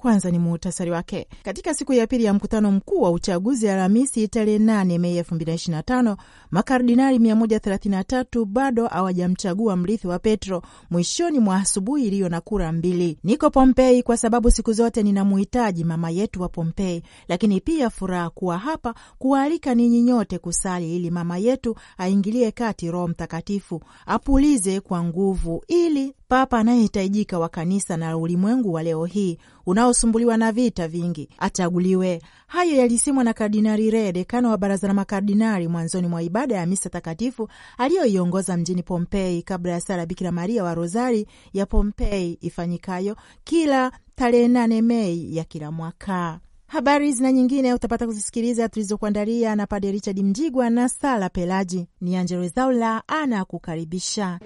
kwanza ni muhtasari wake. Katika siku ya pili ya mkutano mkuu wa uchaguzi Alhamisi tarehe 8 Mei 2025, makardinali 133 bado hawajamchagua mrithi wa Petro mwishoni mwa asubuhi iliyo na kura mbili. Niko Pompei kwa sababu siku zote ninamuhitaji mama yetu wa Pompei, lakini pia furaha kuwa hapa kuwaalika ninyi nyote kusali ili mama yetu aingilie kati Roho Mtakatifu apulize kwa nguvu ili papa anayehitajika wa kanisa na ulimwengu wa leo hii unaosumbuliwa na vita vingi achaguliwe. Hayo yalisemwa na Kardinali Re, dekano wa baraza la makardinali, mwanzoni mwa ibada ya misa takatifu aliyoiongoza mjini Pompei, kabla ya sala Bikira Maria wa Rozari ya Pompei ifanyikayo kila tarehe 8 Mei ya kila mwaka. Habari zina nyingine utapata kuzisikiliza tulizokuandalia na pade Richard Mjigwa na Sala Pelaji. Ni Angelo Zaula ana kukaribisha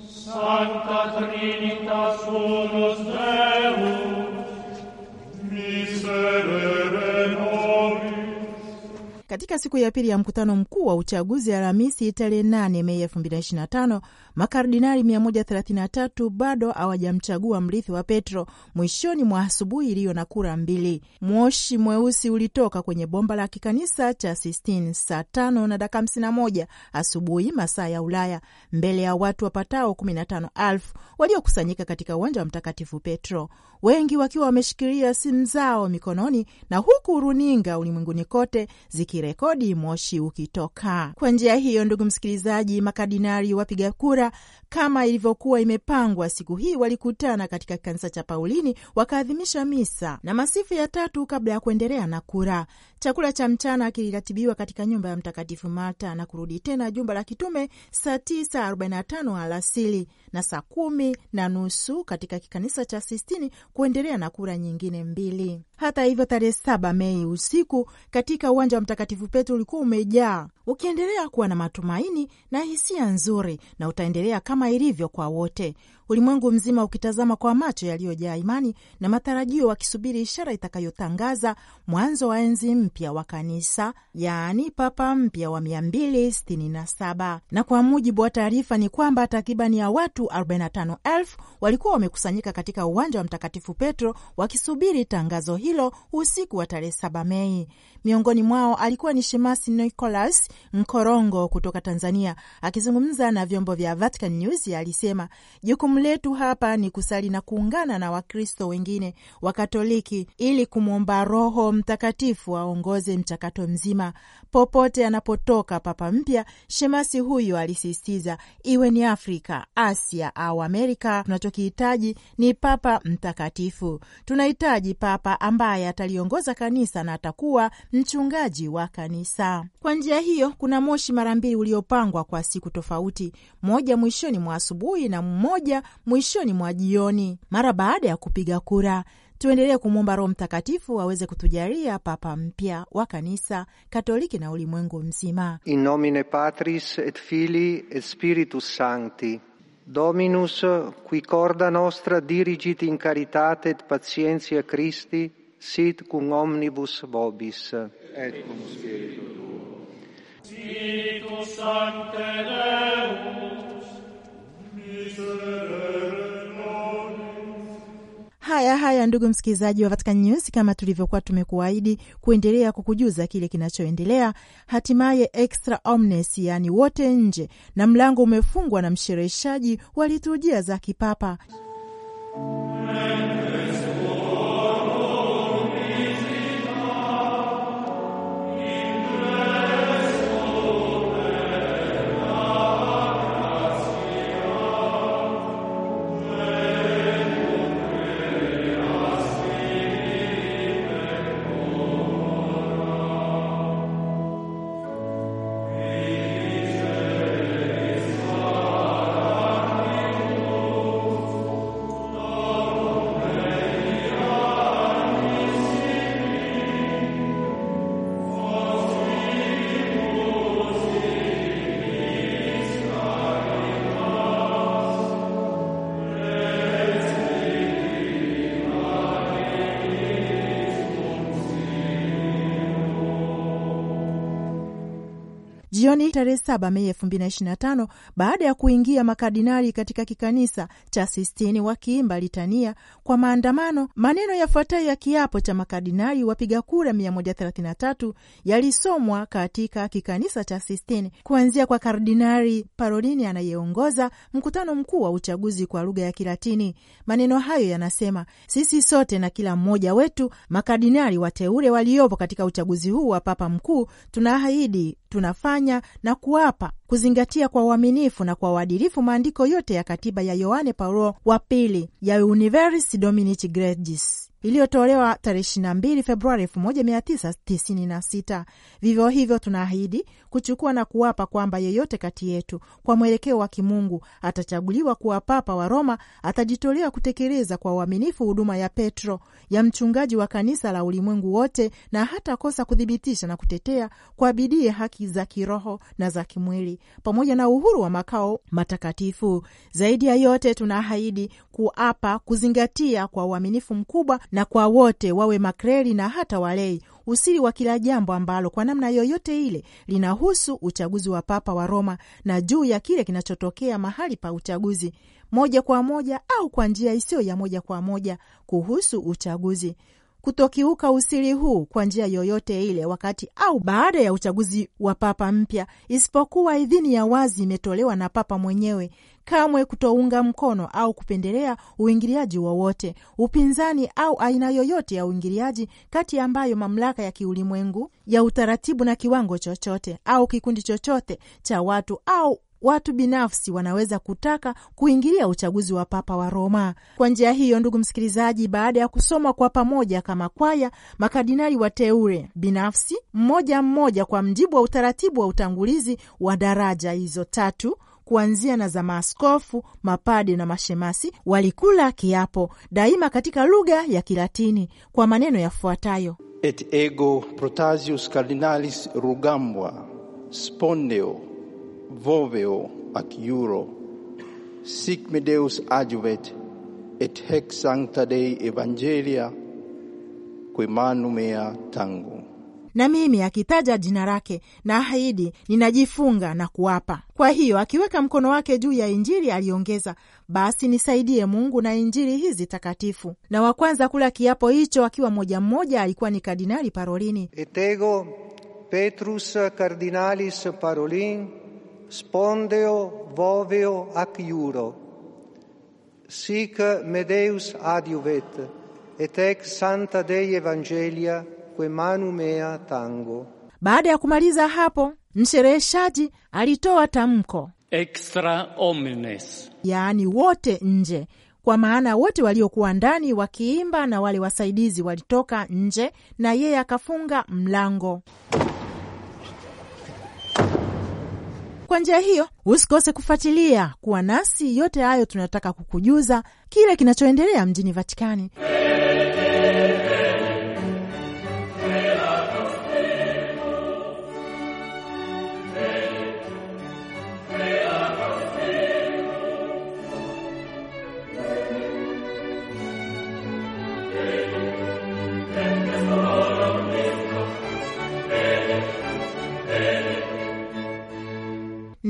Santa Trinitas unus Deus Katika siku ya pili ya mkutano mkuu wa uchaguzi Alhamisi tarehe 8 Mei 2025 Makardinali 133 bado hawajamchagua mrithi wa Petro mwishoni mwa asubuhi iliyo na kura mbili. Moshi mweusi ulitoka kwenye bomba la kikanisa cha Sistine saa tano na dakika 51 asubuhi masaa ya Ulaya, mbele ya watu wapatao 15,000 waliokusanyika katika uwanja wa Mtakatifu Petro, wengi wakiwa wameshikilia simu zao mikononi na huku runinga ulimwenguni kote zikirekodi moshi ukitoka. Kwa njia hiyo, ndugu msikilizaji, makardinali wapiga kura Tabora kama ilivyokuwa imepangwa. Siku hii walikutana katika kanisa cha Paulini wakaadhimisha misa na masifu ya tatu kabla ya kuendelea na kura. Chakula cha mchana kiliratibiwa katika nyumba ya Mtakatifu Marta na kurudi tena jumba la kitume saa 9:45 alasiri na saa kumi na nusu katika kikanisa cha Sistini kuendelea na kura nyingine mbili. Hata hivyo, tarehe saba Mei usiku katika uwanja wa Mtakatifu Petro ulikuwa umejaa ukiendelea kuwa na matumaini na hisia nzuri, na utaendelea kama ilivyo kwa wote ulimwengu mzima ukitazama kwa macho yaliyojaa imani na matarajio, wakisubiri ishara itakayotangaza mwanzo wa enzi mpya wa kanisa, yaani papa mpya wa 267. Na kwa mujibu wa taarifa ni kwamba takribani ya watu 45,000 walikuwa wamekusanyika katika uwanja wa Mtakatifu Petro wakisubiri tangazo hilo usiku wa tarehe 7 Mei. Miongoni mwao alikuwa ni shemasi Nicolas mkorongo kutoka Tanzania. Akizungumza na vyombo vya Vatican News alisema jukumu Jukumu letu hapa ni kusali na kuungana na Wakristo wengine wa Katoliki ili kumwomba Roho Mtakatifu aongoze mchakato mzima popote anapotoka Papa mpya. Shemasi huyu alisisitiza, iwe ni Afrika, Asia au Amerika, tunachokihitaji ni Papa Mtakatifu. Tunahitaji Papa ambaye ataliongoza kanisa na atakuwa mchungaji wa kanisa. Kwa njia hiyo, kuna moshi mara mbili uliopangwa kwa siku tofauti, moja mwishoni mwa asubuhi na mmoja mwishoni mwa jioni mara baada ya kupiga kura. Tuendelee kumwomba Roho Mtakatifu aweze kutujalia papa mpya wa kanisa Katoliki na ulimwengu mzima. In nomine Patris et Filii et Spiritus Sancti. Dominus qui corda nostra dirigit in caritate et patientia Christi sit cum omnibus vobis et cum spiritu tuo. Spiritus Sancte Haya haya, ndugu msikilizaji wa Vatican News, kama tulivyokuwa tumekuahidi kuendelea kukujuza kile kinachoendelea. Hatimaye extra omnes, yaani wote nje, na mlango umefungwa na mshereheshaji wa liturujia za kipapa jioni tarehe 7 Mei 2025 baada ya kuingia makardinali katika kikanisa cha Sistini wakiimba litania kwa maandamano, maneno yafuatayo ya kiapo cha makardinali wapiga kura 133 yalisomwa katika kikanisa cha Sistini kuanzia kwa Kardinali Parolini anayeongoza mkutano mkuu wa uchaguzi kwa lugha ya Kilatini. Maneno hayo yanasema: sisi sote na kila mmoja wetu makardinali wateule waliopo katika uchaguzi huu wa papa mkuu tunaahidi tunafanya na kuapa kuzingatia kwa uaminifu na kwa uadilifu maandiko yote ya katiba ya Yohane Paulo wa Pili ya Universi Dominici Gregis iliyotolewa tarehe 22 Februari 1996. Vivyo hivyo tunaahidi kuchukua na kuwapa kwamba yeyote kati yetu kwa mwelekeo wa kimungu atachaguliwa kuwa papa wa Roma atajitolea kutekeleza kwa uaminifu huduma ya Petro ya mchungaji wa kanisa la ulimwengu wote, na hata kosa kuthibitisha na kutetea kwa bidii haki za kiroho na za kimwili pamoja na uhuru wa makao matakatifu. Zaidi ya yote, tunaahidi kuapa kuzingatia kwa uaminifu mkubwa na kwa wote wawe makreli na hata walei usiri wa kila jambo ambalo kwa namna yoyote ile linahusu uchaguzi wa papa wa Roma na juu ya kile kinachotokea mahali pa uchaguzi moja kwa moja au kwa njia isiyo ya moja kwa moja kuhusu uchaguzi. Kutokiuka usiri huu kwa njia yoyote ile wakati au baada ya uchaguzi wa papa mpya, isipokuwa idhini ya wazi imetolewa na papa mwenyewe kamwe kutounga mkono au kupendelea uingiliaji wowote, upinzani au aina yoyote ya uingiliaji kati ambayo mamlaka ya kiulimwengu ya utaratibu na kiwango chochote au kikundi chochote cha watu au watu binafsi wanaweza kutaka kuingilia uchaguzi wa Papa wa Roma. Kwa njia hiyo, ndugu msikilizaji, baada ya kusoma kwa pamoja kama kwaya makardinali wateure binafsi mmoja mmoja, kwa mjibu wa utaratibu wa utangulizi wa daraja hizo tatu kuanzia na za maaskofu, mapade na mashemasi walikula kiapo daima katika lugha ya Kilatini kwa maneno yafuatayo: et ego protasius cardinalis rugambwa spondeo voveo akiuro sic me deus adjuvet et hec sancta dei evangelia quemanumea tango na mimi akitaja jina lake na ahidi, ninajifunga na kuapa. Kwa hiyo akiweka mkono wake juu ya Injili aliongeza, basi nisaidie Mungu na Injili hizi takatifu. Na wa kwanza kula kiapo hicho akiwa mmoja mmoja alikuwa ni Kardinali Parolini. Etego Petrus Cardinalis Parolin spondeo voveo ac iuro sic medeus adiuvet et ec santa Dei Evangelia manu mea tango. Baada ya kumaliza hapo, mshereheshaji alitoa tamko extra omnes, yaani wote nje, kwa maana wote waliokuwa ndani wakiimba na wale wasaidizi walitoka nje, na yeye akafunga mlango. Kwa njia hiyo usikose kufuatilia kuwa nasi. Yote hayo tunataka kukujuza kile kinachoendelea mjini Vatikani.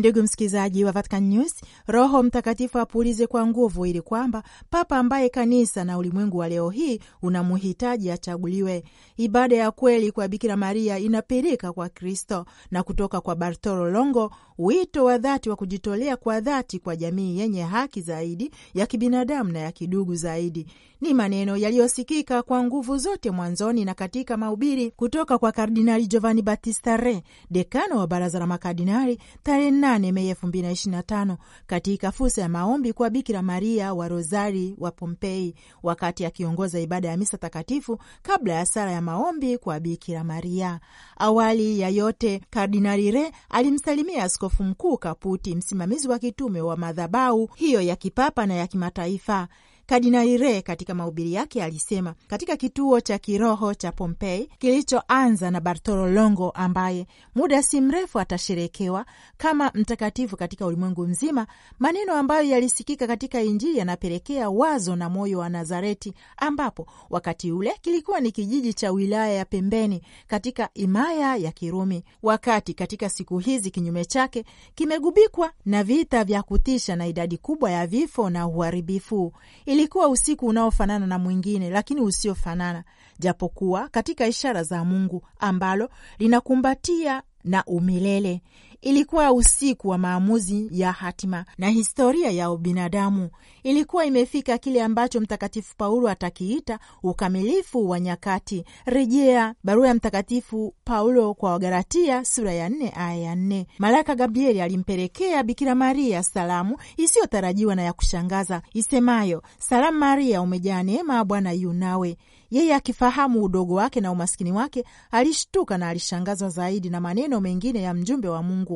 Ndugu msikilizaji wa Vatican News, Roho Mtakatifu apulize kwa nguvu ili kwamba Papa ambaye kanisa na ulimwengu wa leo hii unamhitaji achaguliwe. Ibada ya kweli kwa Bikira Maria inapirika kwa Kristo na kutoka kwa Bartolo Longo, wito wa dhati wa kujitolea kwa dhati kwa jamii yenye haki zaidi ya kibinadamu na ya kidugu zaidi ni maneno yaliyosikika kwa nguvu zote mwanzoni na katika mahubiri kutoka kwa Kardinali Giovanni Battista Re, dekano wa baraza la makardinali, tarehe 8 Mei 2025 katika fursa ya maombi kwa Bikira Maria wa Rozari wa Pompei, wakati akiongoza ibada ya misa takatifu kabla ya sala ya maombi kwa Bikira Maria. Awali ya yote, Kardinali Re alimsalimia askofu mkuu Kaputi, msimamizi wa kitume wa madhabahu hiyo ya kipapa na ya kimataifa Kardinali Re katika mahubiri yake alisema katika kituo cha kiroho cha Pompei kilichoanza na Bartolo Longo, ambaye muda si mrefu atasherekewa kama mtakatifu katika ulimwengu mzima, maneno ambayo yalisikika katika Injili yanapelekea wazo na moyo wa Nazareti, ambapo wakati ule kilikuwa ni kijiji cha wilaya ya pembeni katika himaya ya Kirumi, wakati katika siku hizi kinyume chake kimegubikwa na vita vya kutisha na idadi kubwa ya vifo na uharibifu. Ilikuwa usiku unaofanana na mwingine, lakini usiofanana, japokuwa katika ishara za Mungu ambalo linakumbatia na umilele. Ilikuwa usiku wa maamuzi ya hatima, na historia ya ubinadamu ilikuwa imefika kile ambacho Mtakatifu Paulo atakiita ukamilifu wa nyakati. Rejea barua ya Mtakatifu Paulo kwa Wagalatia sura ya nne aya ya nne. Malaika Gabrieli alimpelekea Bikira Maria salamu isiyotarajiwa na ya kushangaza isemayo, salamu Maria, umejaa neema, Bwana yu nawe. Yeye akifahamu udogo wake na umaskini wake, alishtuka na alishangazwa zaidi na maneno mengine ya mjumbe wa Mungu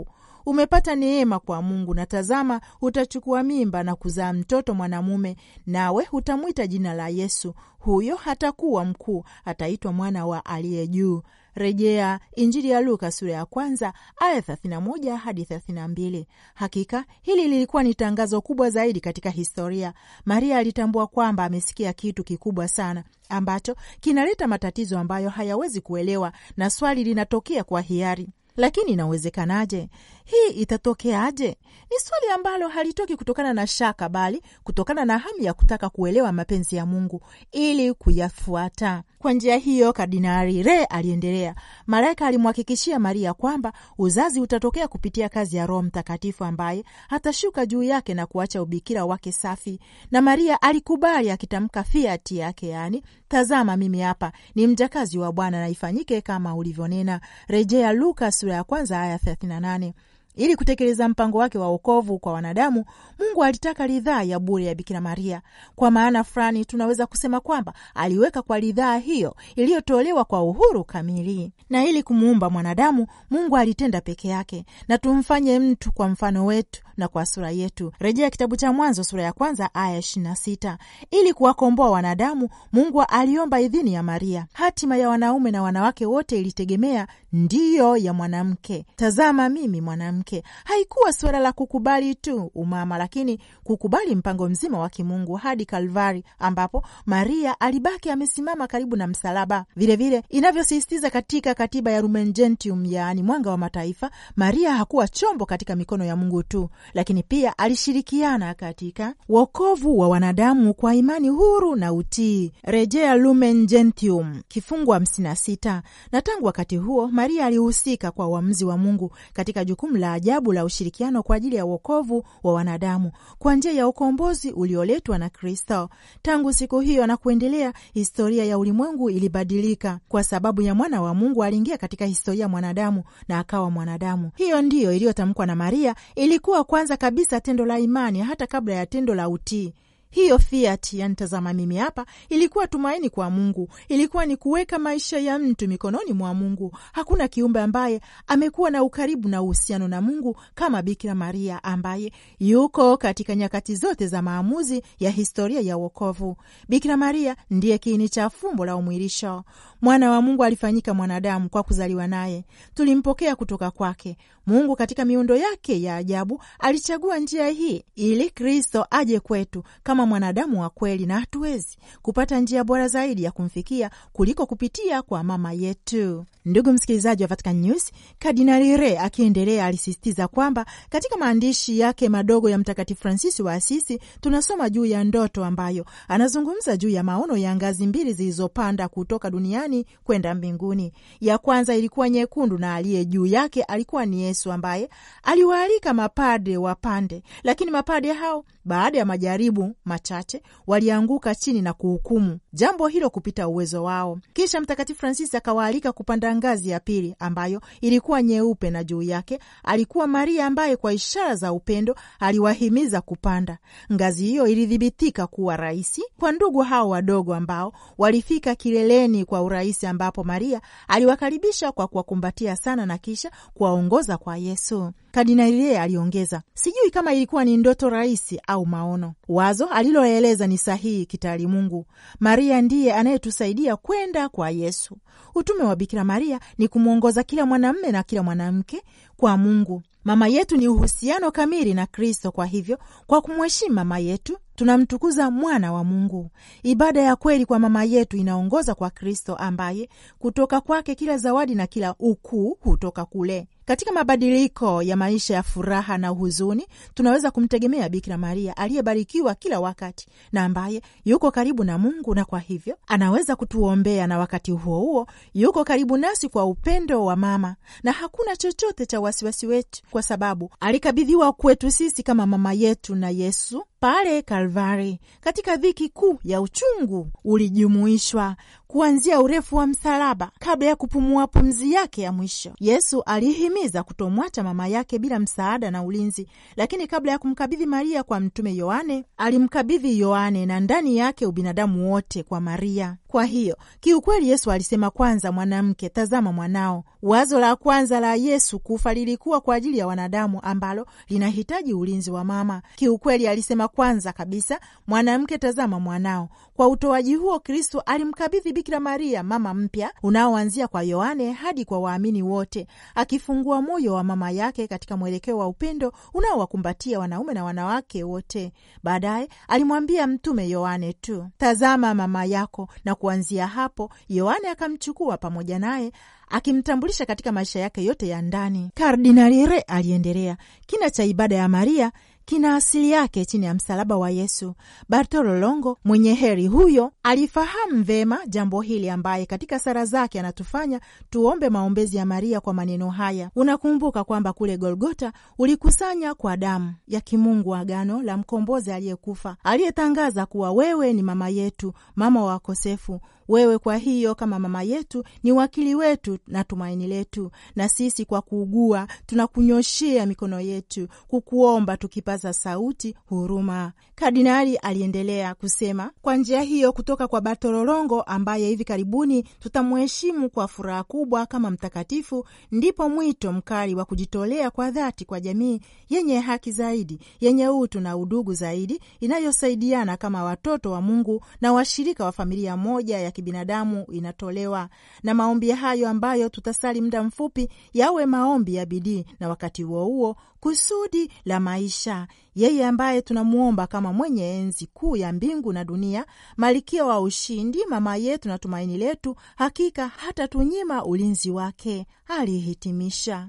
umepata neema kwa Mungu, na tazama, utachukua mimba na kuzaa mtoto mwanamume, nawe utamwita jina la Yesu. Huyo hatakuwa mkuu, ataitwa mwana wa aliye juu. Rejea Injili ya Luka sura ya kwanza aya 31 hadi mbili. Hakika hili lilikuwa ni tangazo kubwa zaidi katika historia. Maria alitambua kwamba amesikia kitu kikubwa sana ambacho kinaleta matatizo ambayo hayawezi kuelewa, na swali linatokea kwa hiari: lakini inawezekanaje? hii itatokeaje? Ni swali ambalo halitoki kutokana na shaka, bali kutokana na hamu ya kutaka kuelewa mapenzi ya Mungu ili kuyafuata. Kwa njia hiyo, Kardinali Re aliendelea, malaika alimhakikishia Maria kwamba uzazi utatokea kupitia kazi ya Roho Mtakatifu ambaye atashuka juu yake na kuacha ubikira wake safi, na Maria alikubali akitamka fiati yake, yaani tazama, mimi hapa ni mjakazi wa Bwana, na ifanyike kama ulivyonena. Rejea Luka sura ya kwanza aya 38. Ili kutekeleza mpango wake wa wokovu kwa wanadamu, Mungu alitaka ridhaa ya bure ya Bikira Maria. Kwa maana fulani, tunaweza kusema kwamba aliweka kwa ridhaa hiyo iliyotolewa kwa uhuru kamili. Na ili kumuumba mwanadamu, Mungu alitenda peke yake, na tumfanye mtu kwa mfano wetu na kwa sura yetu, rejea kitabu cha Mwanzo sura ya kwanza aya ishirini na sita. Ili kuwakomboa wanadamu, Mungu aliomba idhini ya Maria. Hatima ya wanaume na wanawake wote ilitegemea ndiyo ya mwanamke. Tazama mimi mwanamke, haikuwa suala la kukubali tu umama, lakini kukubali mpango mzima wa kimungu hadi Kalvari, ambapo Maria alibaki amesimama karibu na msalaba. Vilevile inavyosisitiza katika katiba ya Lumen Gentium, yaani mwanga wa mataifa, Maria hakuwa chombo katika mikono ya Mungu tu, lakini pia alishirikiana katika wokovu wa wanadamu kwa imani huru na utii, rejea Lumen Gentium kifungu 56. Na tangu wakati huo Maria alihusika kwa uamuzi wa Mungu katika jukumu la ajabu la ushirikiano kwa ajili ya uokovu wa wanadamu kwa njia ya ukombozi ulioletwa na Kristo. Tangu siku hiyo na kuendelea, historia ya ulimwengu ilibadilika kwa sababu ya mwana wa Mungu. Aliingia katika historia ya mwanadamu na akawa mwanadamu. Hiyo ndiyo iliyotamkwa na Maria, ilikuwa kwanza kabisa tendo la imani hata kabla ya tendo la utii. Hiyo Fiat yanitazama mimi hapa, ilikuwa tumaini kwa Mungu, ilikuwa ni kuweka maisha ya mtu mikononi mwa Mungu. Hakuna kiumbe ambaye amekuwa na ukaribu na uhusiano na Mungu kama Bikira Maria, ambaye yuko katika nyakati zote za maamuzi ya historia ya wokovu. Bikira Maria ndiye kiini cha fumbo la umwilisho. Mwana wa Mungu alifanyika mwanadamu kwa kuzaliwa naye, tulimpokea kutoka kwake. Mungu katika miundo yake ya ajabu alichagua njia hii ili Kristo aje kwetu kama mwanadamu wa kweli, na hatuwezi kupata njia bora zaidi ya kumfikia kuliko kupitia kwa mama yetu. Ndugu msikilizaji wa Vatican News, Kardinali Re akiendelea alisisitiza kwamba katika maandishi yake madogo ya Mtakatifu Fransisi wa Asisi tunasoma juu ya ndoto ambayo anazungumza juu ya maono ya ngazi mbili zilizopanda kutoka duniani kwenda mbinguni. Ya kwanza ilikuwa nyekundu na aliye juu yake alikuwa ni Yesu ambaye aliwaalika mapadre wapande, lakini mapadre hao baada ya majaribu machache, walianguka chini na kuhukumu jambo hilo kupita uwezo wao. Kisha Mtakatifu Francis akawaalika kupanda ngazi ya pili ambayo ilikuwa nyeupe, na juu yake alikuwa Maria ambaye kwa ishara za upendo aliwahimiza kupanda ngazi hiyo. Ilithibitika kuwa rahisi kwa ndugu hao wadogo ambao walifika kileleni kwa urahisi, ambapo Maria aliwakaribisha kwa kuwakumbatia sana na kisha kuwaongoza kwa Yesu. Kardinali aliongeza, sijui kama ilikuwa ni ndoto rahisi au au maono. Wazo aliloeleza ni sahihi kitaalimungu. Maria ndiye anayetusaidia kwenda kwa Yesu. Utume wa Bikira Maria ni kumwongoza kila mwanamme na kila mwanamke kwa Mungu. Mama yetu ni uhusiano kamili na Kristo. Kwa hivyo, kwa kumheshimu mama yetu tunamtukuza mwana wa Mungu. Ibada ya kweli kwa mama yetu inaongoza kwa Kristo, ambaye kutoka kwake kila zawadi na kila ukuu hutoka kule. Katika mabadiliko ya maisha ya furaha na huzuni, tunaweza kumtegemea Bikira Maria aliyebarikiwa kila wakati na ambaye yuko karibu na Mungu, na kwa hivyo anaweza kutuombea, na wakati huo huo yuko karibu nasi kwa upendo wa mama, na hakuna chochote cha wasiwasi wetu, kwa sababu alikabidhiwa kwetu sisi kama mama yetu na Yesu pale Kalvari katika dhiki kuu ya uchungu ulijumuishwa kuanzia urefu wa msalaba kabla ya kupumua pumzi yake ya mwisho. Yesu alihimiza kutomwacha mama yake bila msaada na ulinzi, lakini kabla ya kumkabidhi Maria kwa mtume Yohane, alimkabidhi Yohane na ndani yake ubinadamu wote kwa Maria. Kwa hiyo kiukweli, Yesu alisema kwanza, mwanamke, tazama mwanao. Wazo la kwanza la Yesu kufa lilikuwa kwa ajili ya wanadamu, ambalo linahitaji ulinzi wa mama. Kiukweli alisema kwanza kabisa, mwanamke, tazama mwanao. Kwa utoaji huo, Kristo alimkabidhi Bikira Maria mama mpya unaoanzia kwa Yohane hadi kwa waamini wote, akifungua moyo wa mama yake katika mwelekeo wa upendo unaowakumbatia wanaume na wanawake wote. Baadaye alimwambia mtume Yohane tu, tazama mama yako na kuanzia hapo Yohane akamchukua pamoja naye akimtambulisha katika maisha yake yote ya ndani. Kardinali Re aliendelea, kina cha ibada ya Maria kina asili yake chini ya msalaba wa Yesu. Bartolo Longo mwenye heri huyo alifahamu vema jambo hili, ambaye katika sara zake anatufanya tuombe maombezi ya Maria kwa maneno haya: unakumbuka kwamba kule Golgota ulikusanya kwa damu ya kimungu agano la mkombozi aliyekufa, aliyetangaza kuwa wewe ni mama yetu, mama wa wakosefu wewe kwa hiyo kama mama yetu ni wakili wetu na tumaini letu, na sisi kwa kuugua tunakunyoshea mikono yetu kukuomba, tukipaza sauti huruma. Kardinali aliendelea kusema, kwa njia hiyo kutoka kwa Bartololongo ambaye hivi karibuni tutamheshimu kwa furaha kubwa kama mtakatifu, ndipo mwito mkali wa kujitolea kwa dhati kwa jamii yenye haki zaidi, yenye utu na udugu zaidi, inayosaidiana kama watoto wa Mungu na washirika wa familia moja ya kibinadamu inatolewa, na maombi hayo ambayo tutasali muda mfupi yawe maombi ya bidii na wakati huo huo kusudi la maisha. Yeye ambaye tunamwomba kama mwenye enzi kuu ya mbingu na dunia, malikia wa ushindi, mama yetu na tumaini letu, hakika hatatunyima ulinzi wake, alihitimisha.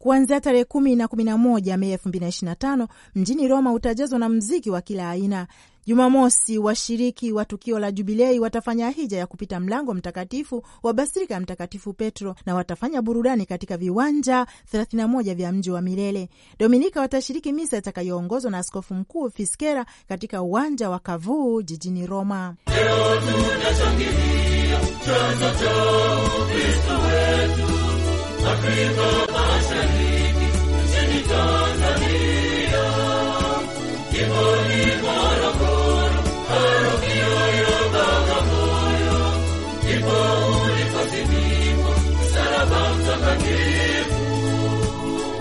kuanzia tarehe kumi na kumi na moja Mei elfu mbili na ishirini na tano mjini Roma utajazwa na mziki wa kila aina. Jumamosi, washiriki wa tukio la Jubilei watafanya hija ya kupita mlango mtakatifu wa basilika ya Mtakatifu Petro na watafanya burudani katika viwanja 31 vya mji wa milele. Dominika watashiriki misa itakayoongozwa na askofu mkuu Fiskera katika uwanja wa Kavuu jijini Roma. Leo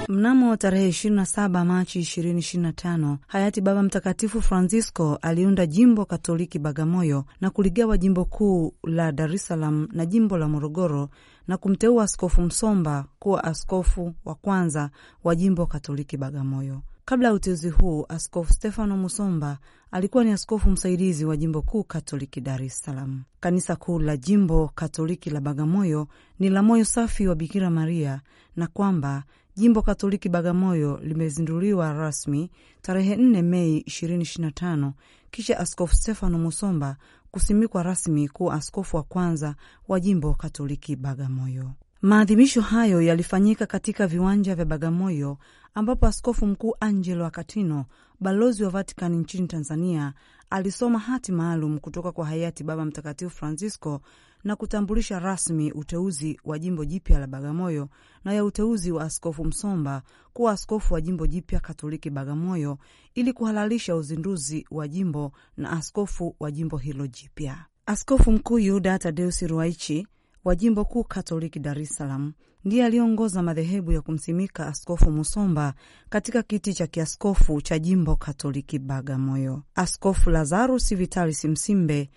Mnamo tarehe 27 Machi 2025 hayati Baba Mtakatifu Francisco aliunda jimbo Katoliki Bagamoyo na kuligawa jimbo kuu la Dar es Salaam na jimbo la Morogoro na kumteua Askofu Msomba kuwa askofu wa kwanza wa jimbo Katoliki Bagamoyo. Kabla ya uteuzi huu, Askofu Stefano Musomba alikuwa ni askofu msaidizi wa jimbo kuu Katoliki Dar es Salaam. Kanisa kuu la jimbo Katoliki la Bagamoyo ni la Moyo Safi wa Bikira Maria, na kwamba jimbo Katoliki Bagamoyo limezinduliwa rasmi tarehe 4 Mei 2025 kisha Askofu Stefano Musomba kusimikwa rasmi kuwa askofu wa kwanza wa jimbo Katoliki Bagamoyo. Maadhimisho hayo yalifanyika katika viwanja vya Bagamoyo ambapo askofu mkuu Angelo Akatino, balozi wa Vatikani nchini Tanzania, alisoma hati maalum kutoka kwa hayati Baba Mtakatifu Francisco na kutambulisha rasmi uteuzi wa jimbo jipya la Bagamoyo na ya uteuzi wa askofu Msomba kuwa askofu wa jimbo jipya Katoliki Bagamoyo ili kuhalalisha uzinduzi wa jimbo na askofu wa jimbo hilo jipya. Askofu Mkuu Yuda Tadeusi ruaichi wa jimbo kuu Katoliki Dar es Salaam ndiye aliongoza madhehebu ya kumsimika Askofu Musomba katika kiti cha kiaskofu cha jimbo Katoliki Bagamoyo. Askofu Lazarus Vitalis Msimbe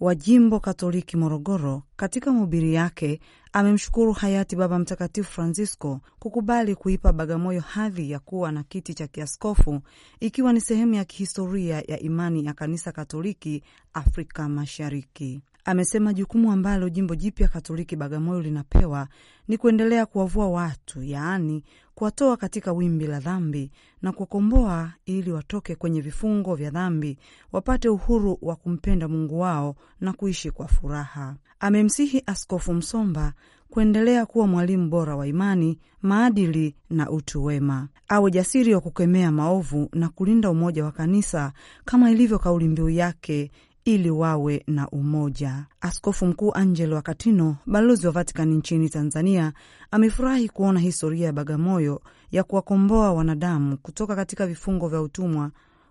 wa jimbo Katoliki Morogoro, katika mahubiri yake amemshukuru hayati Baba Mtakatifu Francisco kukubali kuipa Bagamoyo hadhi ya kuwa na kiti cha kiaskofu, ikiwa ni sehemu ya kihistoria ya imani ya Kanisa Katoliki Afrika Mashariki amesema jukumu ambalo jimbo jipya Katoliki Bagamoyo linapewa ni kuendelea kuwavua watu, yaani kuwatoa katika wimbi la dhambi na kuwakomboa ili watoke kwenye vifungo vya dhambi, wapate uhuru wa kumpenda Mungu wao na kuishi kwa furaha. Amemsihi Askofu Msomba kuendelea kuwa mwalimu bora wa imani, maadili na utu wema, awe jasiri wa kukemea maovu na kulinda umoja wa kanisa kama ilivyo kauli mbiu yake ili wawe na umoja. Askofu Mkuu Angelo Akatino, balozi wa Vatikani nchini Tanzania, amefurahi kuona historia ya Bagamoyo ya kuwakomboa wanadamu kutoka katika vifungo vya utumwa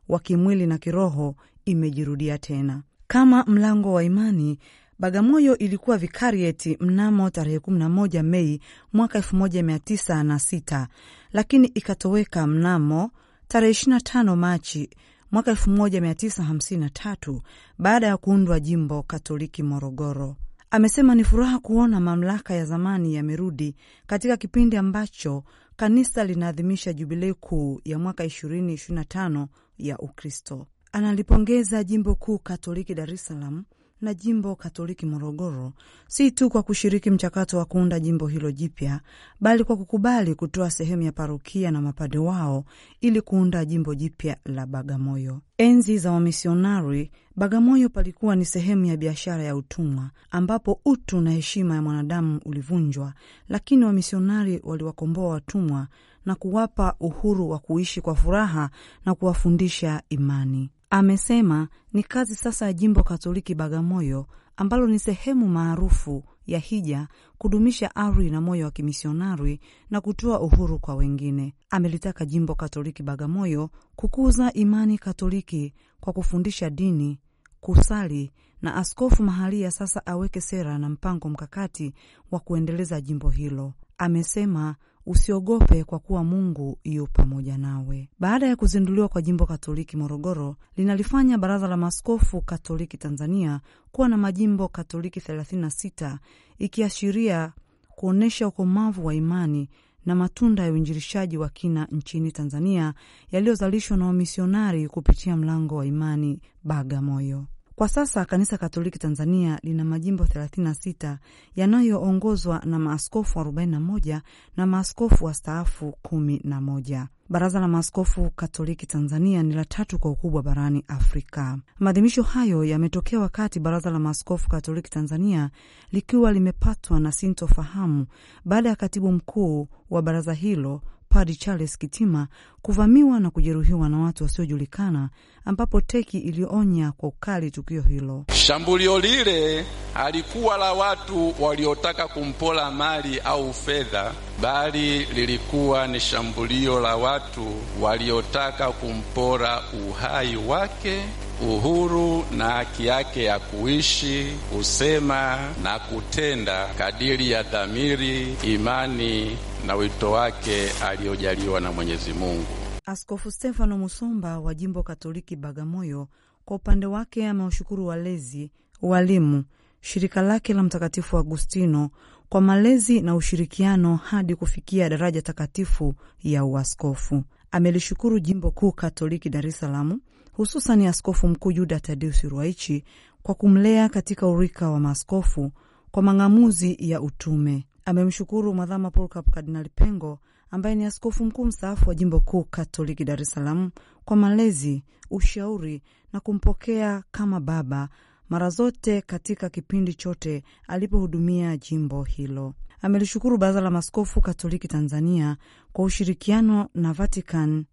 wa kimwili na kiroho imejirudia tena. Kama mlango wa imani, Bagamoyo ilikuwa vikarieti mnamo tarehe 11 Mei mwaka 1906 lakini ikatoweka mnamo tarehe 25 Machi mwaka 1953 baada ya kuundwa jimbo Katoliki Morogoro. Amesema ni furaha kuona mamlaka ya zamani yamerudi katika kipindi ambacho kanisa linaadhimisha jubilei kuu ya mwaka 2025 ya Ukristo. Analipongeza jimbo kuu Katoliki Dar es Salaam na jimbo Katoliki Morogoro, si tu kwa kushiriki mchakato wa kuunda jimbo hilo jipya, bali kwa kukubali kutoa sehemu ya parokia na mapade wao ili kuunda jimbo jipya la Bagamoyo. Enzi za wamisionari, Bagamoyo palikuwa ni sehemu ya biashara ya utumwa, ambapo utu na heshima ya mwanadamu ulivunjwa, lakini wamisionari waliwakomboa watumwa na kuwapa uhuru wa kuishi kwa furaha na kuwafundisha imani. Amesema ni kazi sasa ya jimbo Katoliki Bagamoyo ambalo ni sehemu maarufu ya hija kudumisha ari na moyo wa kimisionari na kutoa uhuru kwa wengine. Amelitaka jimbo Katoliki Bagamoyo kukuza imani Katoliki kwa kufundisha dini, kusali na askofu mahalia sasa aweke sera na mpango mkakati wa kuendeleza jimbo hilo. Amesema usiogope kwa kuwa Mungu yu pamoja nawe. Baada ya kuzinduliwa kwa jimbo Katoliki Morogoro, linalifanya Baraza la Maaskofu Katoliki Tanzania kuwa na majimbo Katoliki 36 ikiashiria kuonyesha ukomavu wa imani na matunda ya uinjilishaji wa kina nchini Tanzania yaliyozalishwa na wamisionari kupitia mlango wa imani Bagamoyo. Kwa sasa Kanisa Katoliki Tanzania lina majimbo 36 yanayoongozwa na maaskofu 41 na maaskofu wastaafu 11. Baraza la Maaskofu Katoliki Tanzania ni la tatu kwa ukubwa barani Afrika. Maadhimisho hayo yametokea wakati Baraza la Maaskofu Katoliki Tanzania likiwa limepatwa na sintofahamu baada ya katibu mkuu wa baraza hilo Padri Charles Kitima kuvamiwa na kujeruhiwa na watu wasiojulikana, ambapo teki ilionya kwa ukali tukio hilo. Shambulio lile halikuwa la watu waliotaka kumpora mali au fedha, bali lilikuwa ni shambulio la watu waliotaka kumpora uhai wake uhuru na haki yake ya kuishi, kusema na kutenda kadiri ya dhamiri, imani na wito wake aliyojaliwa na Mwenyezi Mungu. Askofu Stefano Musomba wa Jimbo Katoliki Bagamoyo kwa upande wake amewashukuru walezi, walimu, shirika lake la Mtakatifu Agustino kwa malezi na ushirikiano hadi kufikia daraja takatifu ya uaskofu. Amelishukuru Jimbo Kuu Katoliki Dar es Salaam hususan Askofu Mkuu Yuda Tadeusi Ruwaichi kwa kumlea katika urika wa maaskofu kwa mang'amuzi ya utume. Amemshukuru Mwadhama Polycarp Kardinali Pengo ambaye ni askofu mkuu mstaafu wa jimbo kuu Katoliki Dar es Salaam kwa malezi, ushauri na kumpokea kama baba mara zote katika kipindi chote alipohudumia jimbo hilo. Amelishukuru Baraza la Maaskofu Katoliki Tanzania kwa ushirikiano na Vatican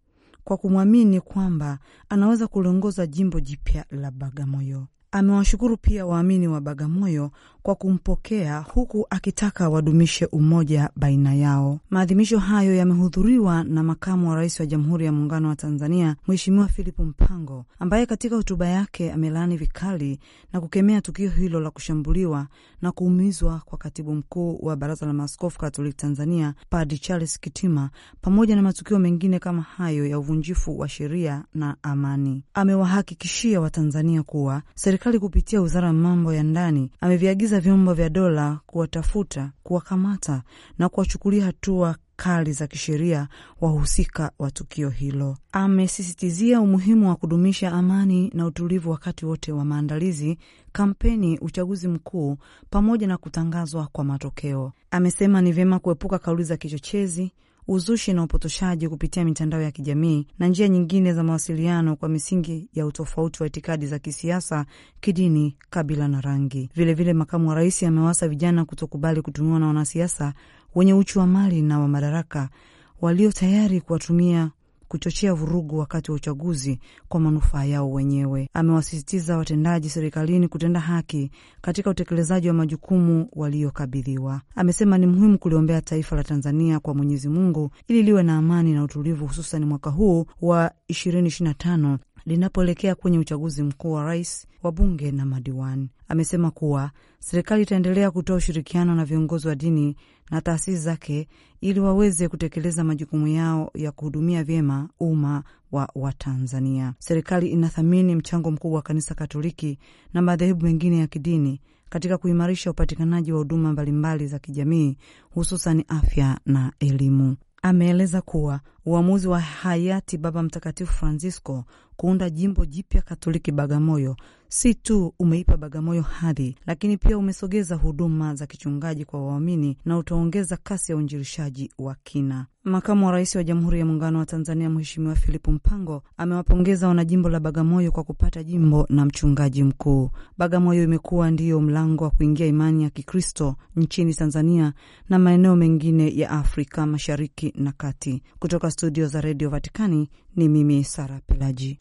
kwa kumwamini kwamba anaweza kulongoza jimbo jipya la Bagamoyo. Amewashukuru pia waamini wa Bagamoyo kwa kumpokea huku akitaka wadumishe umoja baina yao. Maadhimisho hayo yamehudhuriwa na makamu wa rais wa Jamhuri ya Muungano wa Tanzania, Mheshimiwa Philip Mpango, ambaye katika hotuba yake amelaani vikali na kukemea tukio hilo la kushambuliwa na kuumizwa kwa katibu mkuu wa Baraza la Maaskofu Katoliki Tanzania, Padre Charles Kitima, pamoja na matukio mengine kama hayo ya uvunjifu wa sheria na amani. Amewahakikishia Watanzania kuwa serikali serikali kupitia wizara ya mambo ya ndani ameviagiza vyombo vya dola kuwatafuta, kuwakamata na kuwachukulia hatua kali za kisheria wahusika wa tukio hilo. Amesisitizia umuhimu wa kudumisha amani na utulivu wakati wote wa maandalizi, kampeni, uchaguzi mkuu pamoja na kutangazwa kwa matokeo. Amesema ni vyema kuepuka kauli za kichochezi uzushi na upotoshaji kupitia mitandao ya kijamii na njia nyingine za mawasiliano kwa misingi ya utofauti wa itikadi za kisiasa, kidini, kabila na rangi. Vilevile vile makamu wa rais amewasa vijana kutokubali kutumiwa na wanasiasa wenye uchu wa mali na wa madaraka walio tayari kuwatumia kuchochea vurugu wakati wa uchaguzi kwa manufaa yao wenyewe. Amewasisitiza watendaji serikalini kutenda haki katika utekelezaji wa majukumu waliokabidhiwa. Amesema ni muhimu kuliombea taifa la Tanzania kwa Mwenyezi Mungu ili liwe na amani na utulivu, hususan mwaka huu wa 2025 linapoelekea kwenye uchaguzi mkuu wa rais, wa bunge na madiwani. Amesema kuwa serikali itaendelea kutoa ushirikiano na viongozi wa dini na taasisi zake ili waweze kutekeleza majukumu yao ya kuhudumia vyema umma wa Watanzania. Serikali inathamini mchango mkubwa wa Kanisa Katoliki na madhehebu mengine ya kidini katika kuimarisha upatikanaji wa huduma mbalimbali za kijamii, hususan afya na elimu. Ameeleza kuwa uamuzi wa hayati Baba Mtakatifu Francisco kuunda jimbo jipya Katoliki Bagamoyo, si tu umeipa Bagamoyo hadhi, lakini pia umesogeza huduma za kichungaji kwa waamini na utaongeza kasi ya uinjilishaji wa kina. Makamu wa Rais wa Jamhuri ya Muungano wa Tanzania Mheshimiwa Philip Mpango amewapongeza wanajimbo la Bagamoyo kwa kupata jimbo na mchungaji mkuu. Bagamoyo imekuwa ndiyo mlango wa kuingia imani ya Kikristo nchini Tanzania na maeneo mengine ya Afrika Mashariki na Kati. Kutoka studio za redio Vatikani ni mimi Sara Pelaji.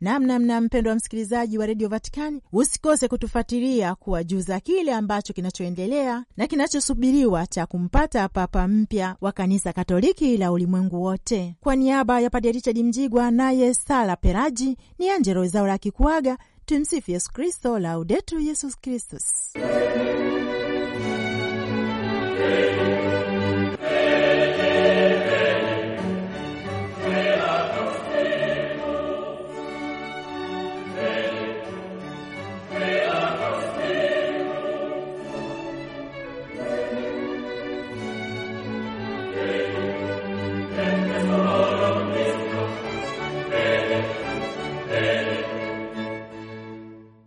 Namnamna mpendwa wa msikilizaji wa redio Vatikani, usikose kutufuatilia kuwajuza kile ambacho kinachoendelea na kinachosubiriwa cha kumpata papa mpya wa kanisa Katoliki la ulimwengu wote. Kwa niaba ya Padre Richard Mjigwa naye Sara Peraji ni anjero Zao la Kikuaga. Tumsifu Yesu Kristo, laudetu Yesus Kristus.